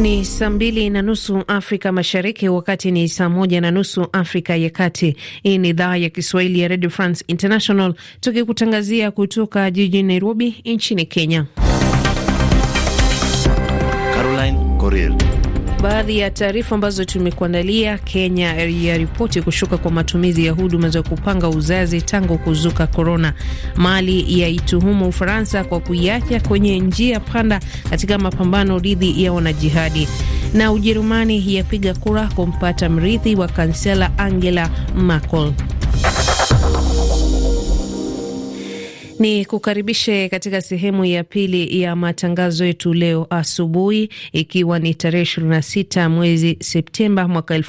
Ni saa mbili na nusu Afrika Mashariki, wakati ni saa moja na nusu Afrika ya Kati. Hii ni idhaa ya Kiswahili ya Radio France International, tukikutangazia kutoka jijini Nairobi nchini Kenya. Caroline baadhi ya taarifa ambazo tumekuandalia. Kenya yaripoti kushuka kwa matumizi ya huduma za kupanga uzazi tangu kuzuka korona. Mali yaituhumu Ufaransa kwa kuiacha kwenye njia panda katika mapambano dhidi ya wanajihadi, na Ujerumani yapiga kura kumpata mrithi wa kansela Angela Merkel. Ni kukaribishe katika sehemu ya pili ya matangazo yetu leo asubuhi, ikiwa ni tarehe sita mwezi Septemba mwaka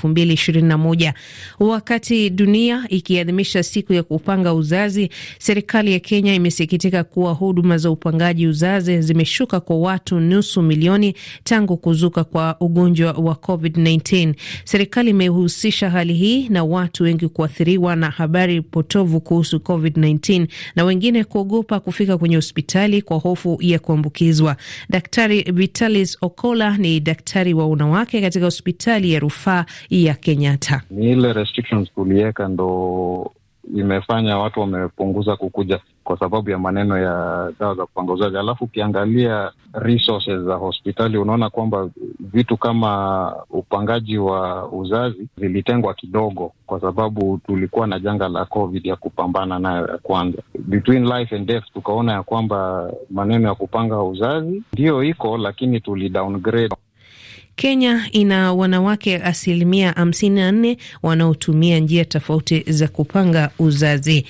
moja. Wakati dunia ikiadhimisha siku ya kupanga uzazi, serikali ya Kenya imesikitika kuwa huduma za upangaji uzazi zimeshuka kwa watu nusu milioni tangu kuzuka kwa ugonjwa wa COVID-19. Serikali imehusisha hali hii na watu wengi kuathiriwa na habari potovu kuhusu COVID-19 na wengine kuogopa kufika kwenye hospitali kwa hofu ya kuambukizwa. Daktari Vitalis Okola ni daktari wa wanawake katika hospitali ya rufaa ya Kenyatta. Ni ile restrictions tuliweka ndo imefanya watu wamepunguza kukuja kwa sababu ya maneno ya dawa za kupanga uzazi. Alafu ukiangalia resources za hospitali unaona kwamba vitu kama upangaji wa uzazi vilitengwa kidogo, kwa sababu tulikuwa na janga la COVID ya kupambana nayo ya kwanza. Between life and death, tukaona ya kwamba maneno ya kupanga uzazi ndiyo iko, lakini tulidowngrade Kenya ina wanawake asilimia 54 wanaotumia njia tofauti za kupanga uzazi.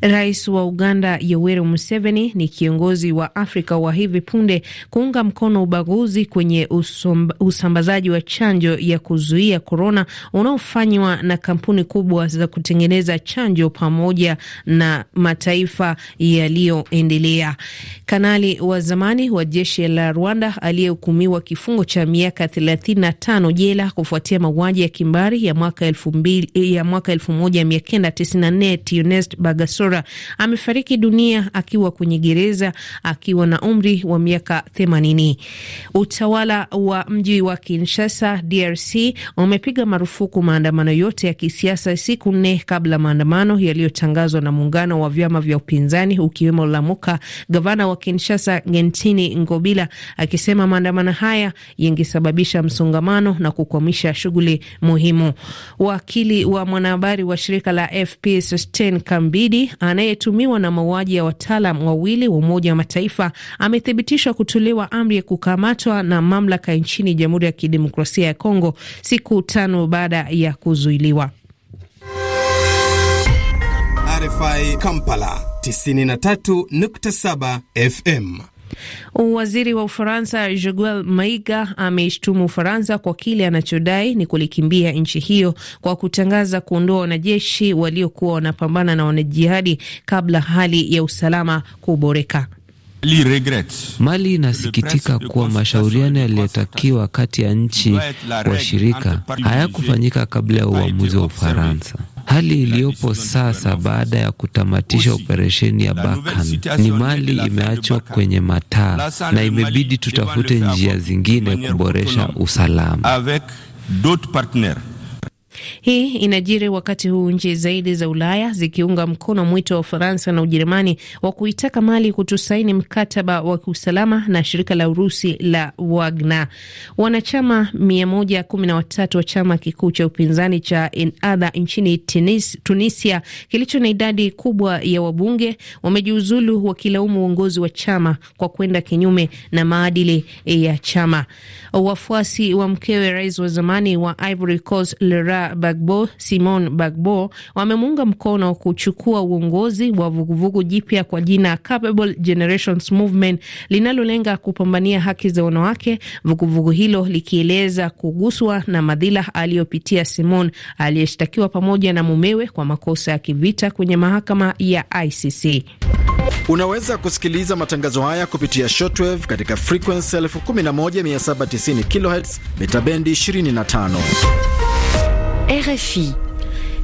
Rais wa Uganda Yoweri Museveni ni kiongozi wa Afrika wa hivi punde kuunga mkono ubaguzi kwenye usomba, usambazaji wa chanjo ya kuzuia korona unaofanywa na kampuni kubwa za kutengeneza chanjo pamoja na mataifa yaliyoendelea. Kanali wa zamani wa jeshi la Rwanda aliyehukumiwa kifungo cha miaka 35 jela kufuatia mauaji ya kimbari ya mwaka 1994 eh, Tionest Bagasora amefariki dunia akiwa kwenye gereza akiwa na umri wa miaka 80. Utawala wa mji wa Kinshasa DRC umepiga marufuku maandamano yote ya kisiasa siku nne kabla maandamano yaliyotangazwa na muungano wa vyama vya upinzani ukiwemo Lamuka. Gavana wa Kinshasa Gentini Ngobila akisema maandamano haya yingesababisha kusababisha msongamano na kukwamisha shughuli muhimu. Wakili wa mwanahabari wa shirika la FP Sosten Kambidi, anayetumiwa na mauaji ya wataalam wawili wa Umoja wa Mataifa, amethibitishwa kutolewa amri ya kukamatwa na mamlaka nchini Jamhuri ya Kidemokrasia ya Kongo siku tano baada ya kuzuiliwa. RFI Kampala 93.7 FM. Waziri wa Ufaransa joguel Maiga ameishtumu Ufaransa kwa kile anachodai ni kulikimbia nchi hiyo kwa kutangaza kuondoa wanajeshi waliokuwa wanapambana na wanajihadi kabla hali ya usalama kuboreka. Mali inasikitika kuwa mashauriano yaliyotakiwa kati ya nchi washirika hayakufanyika kabla ya uamuzi wa Ufaransa. Hali iliyopo sasa baada ya kutamatisha operesheni ya bakan ni mali imeachwa kwenye mataa na imebidi tutafute njia zingine kuboresha usalama. Hii inajiri wakati huu nchi zaidi za Ulaya zikiunga mkono mwito wa Ufaransa na Ujerumani wa kuitaka Mali kutosaini mkataba wa kiusalama na shirika la Urusi la Wagner. Wanachama 113 wa chama kikuu cha upinzani cha Ennahda nchini Tunis, Tunisia kilicho na idadi kubwa ya wabunge wamejiuzulu wakilaumu uongozi wa chama kwa kwenda kinyume na maadili ya chama. Wafuasi wa mkewe rais wa zamani wa Ivory Coast Laurent Bagbo Simon Bagbo wamemuunga mkono kuchukua uongozi wa vuguvugu jipya kwa jina Capable Generations Movement linalolenga kupambania haki za wanawake, vuguvugu hilo likieleza kuguswa na madhila aliyopitia Simon aliyeshtakiwa pamoja na mumewe kwa makosa ya kivita kwenye mahakama ya ICC. Unaweza kusikiliza matangazo haya kupitia shortwave katika frequency 11790 kHz mitabendi 25. RFI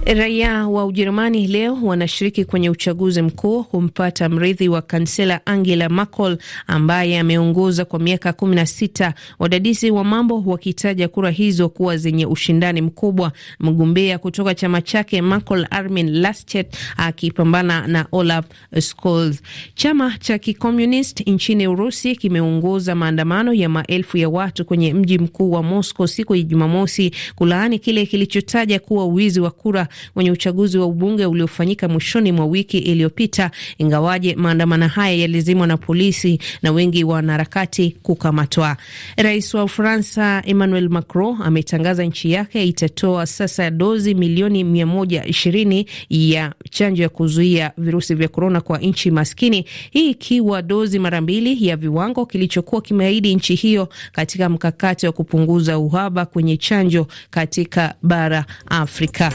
Raia wa Ujerumani leo wanashiriki kwenye uchaguzi mkuu kumpata mrithi wa kansela Angela Merkel ambaye ameongoza kwa miaka kumi na sita, wadadisi wa mambo wakitaja kura hizo kuwa zenye ushindani mkubwa, mgombea kutoka chama chake Merkel Armin Laschet akipambana na Olaf Scholz. Chama cha kikomunist nchini Urusi kimeongoza maandamano ya maelfu ya watu kwenye mji mkuu wa Moscow siku ya Jumamosi kulaani kile kilichotaja kuwa wizi wa kura kwenye uchaguzi wa ubunge uliofanyika mwishoni mwa wiki iliyopita, ingawaje maandamano haya yalizimwa na polisi na wengi wanaharakati kukamatwa. Rais wa Ufaransa Emmanuel Macron ametangaza nchi yake itatoa sasa dozi milioni 120 ya chanjo ya kuzuia virusi vya korona kwa nchi maskini, hii ikiwa dozi mara mbili ya viwango kilichokuwa kimeahidi nchi hiyo katika mkakati wa kupunguza uhaba kwenye chanjo katika bara Afrika.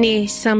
ni sam